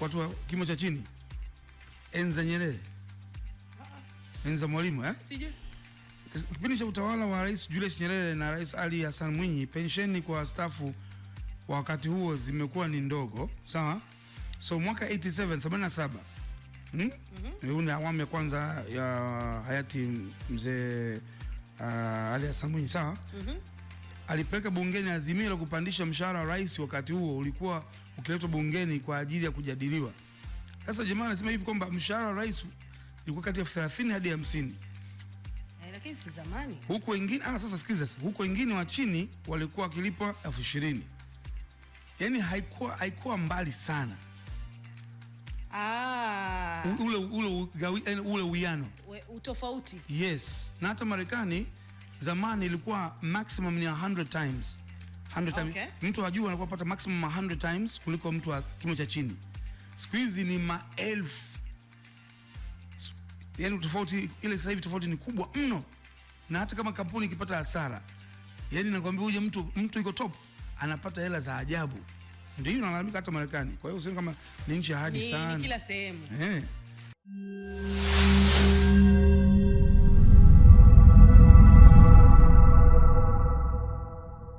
watu wa kimo cha chini, enza Nyerere, enza Mwalimu eh? Sije. Kipindi cha utawala wa Rais Julius Nyerere na Rais Ali Hassan Mwinyi, pensheni kwa stafu wa wakati huo zimekuwa ni ndogo, sawa? So mwaka 87 87 hmm? mm -hmm. awamu ya kwanza ya hayati mzee uh, Ali Hassan Mwinyi sawa? mm -hmm alipeleka bungeni azimio la kupandisha mshahara wa rais. Wakati huo ulikuwa ukiletwa bungeni kwa ajili ya kujadiliwa. Sasa jamaa anasema hivi kwamba mshahara wa rais ulikuwa kati ya 30 hadi 50, eh, lakini si zamani. Huko wengine ah, sasa sikiliza sasa, huko wengine wa chini walikuwa wakilipwa elfu ishirini. Yani haikuwa haikuwa mbali sana ah. Ule ule yaani ule uwiano, utofauti. Yes, na hata Marekani zamani ilikuwa maximum ni 100 times 100 times okay. Mtu wa juu anakuwa pata maximum 100 times kuliko mtu wa kimo cha chini. Siku hizi ni maelfu, yani tofauti ile sasa hivi tofauti ni kubwa mno, na hata kama kampuni ikipata hasara, yani nakwambia uje mtu mtu yuko top anapata hela za ajabu, ndio nalalamika hata Marekani. Kwa hiyo sio kama ni nchi ya ahadi sana, ni kila sehemu eh.